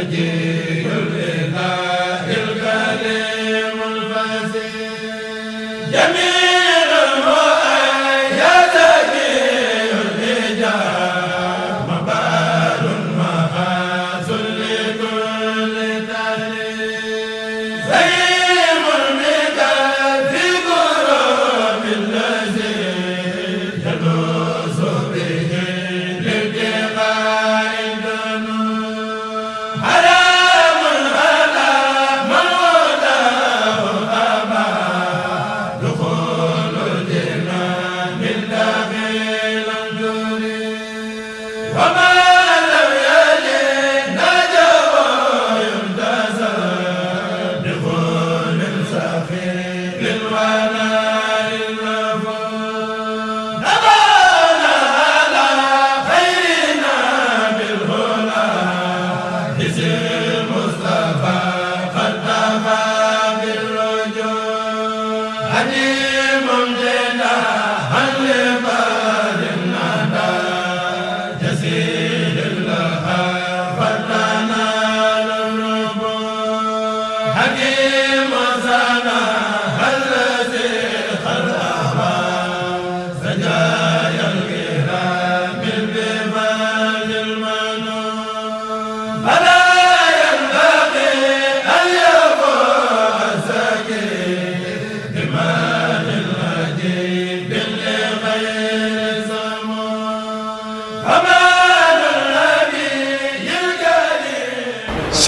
ajee Dieu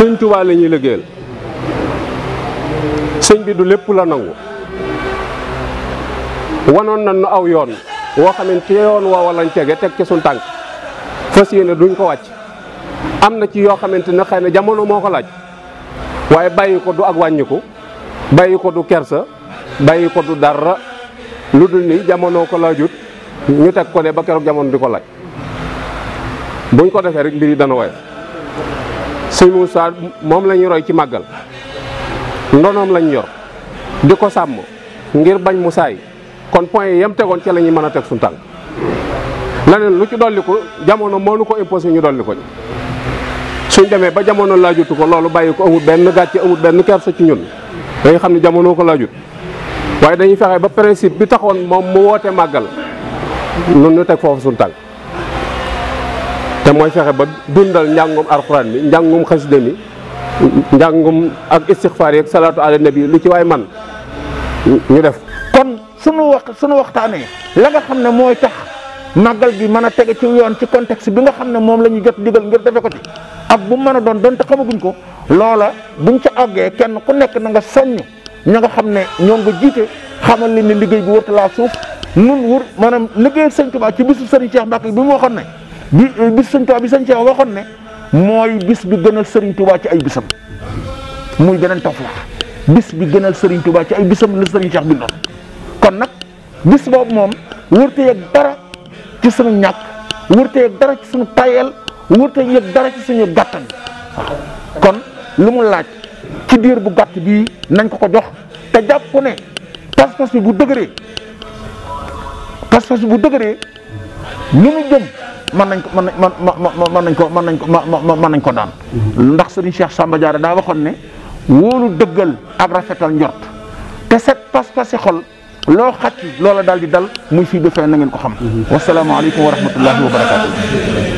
sëñ Tuubaa la ñuy liggéeyal sëñ bi du lépp la nangu wanoon na nu aw yoon woo xam ne ci yoon woowa tege teg ci suñ tànk fas yéene duñ ko wàcc am na ci yoo xamante ne xëy na jamono moo ko laaj waaye bàyyi ko du ak wàññiku bàyyi ko du kersa bàyyi ko du dara lu dul ni jamono ko laajut ñu teg ko ne ba keroog jamono di ko laaj buñ ko defee rek mbir yi dana woyof sëñ Moussa moom la ñu roy ci màggal ndonoom lañ yor di ko sàmm ngir bañ mu saay kon point yi yam tegoon ci la ñuy mën a teg suñu tànk leneen lu ci dolli ko jamono moo nu ko imposé ñu dolli ko suñ demee ba jamono laajutu ko loolu bàyyi ko amul benn gàcce amul benn kersa ci ñun dañu xam ne jamonoo ko laajut waaye dañuy fexe ba principe bi taxoon moom mu woote màggal nun ñu teg foofu suñu tànk te mooy fexe ba dundal njàngum alxuraan bi njàngum xasida mi njàngum ak istixfaar yeeg salaatu ala nabi lu ci waay man ñu def kon sunu wax sunu waxtaanee la nga xam ne mooy tax màggal gi mën a tege ci yoon ci context bi nga xam ne moom la ñu jot digal ngir defe ko ci ak bu mën a doon donte xamaguñ ko loola buñ ci àggee kenn ku nekk na nga soññ ña nga xam ne ñoom nga jiite xamal li ne liggéey bi wërta laa suuf nun wur maanaam liggéey sëñ Tuubaa ci bisu sëriñ Cheikh Mbacke bi mu waxoon ne bi bis sëñ Tuubaa bi sëñ Tuubaa waxoon ne mooy bis bi gënal Serigne Touba ci ay bisam muy beneen taf la bis bi gënal Serigne Touba ci ay bisam la Serigne bi bindoon kon nag bis boobu moom wërte yëg dara ci suñu ñàkk wërte yëg dara ci suñu tayeel wërte yëg dara ci gàttan kon lu mu laaj ci diir bu gàtt bii nañ ko ko jox te jàpp ko ne pas bi bu dëgëree pas bi bu dëgëree lu mu jëm mën nañ ko mën nañ ko mën nañ ko mën nañ ko daan mhm. ndax sëriñ Cheikh Samba Diarra daa waxoon ne wóolu dëggal ab rafetal njort te set pas-pasi xol loo xàcc loola daal di dal muy fii defee na ngeen ko xam mhm. wasalaamaaleykum wa rahmatullahi wa barakatu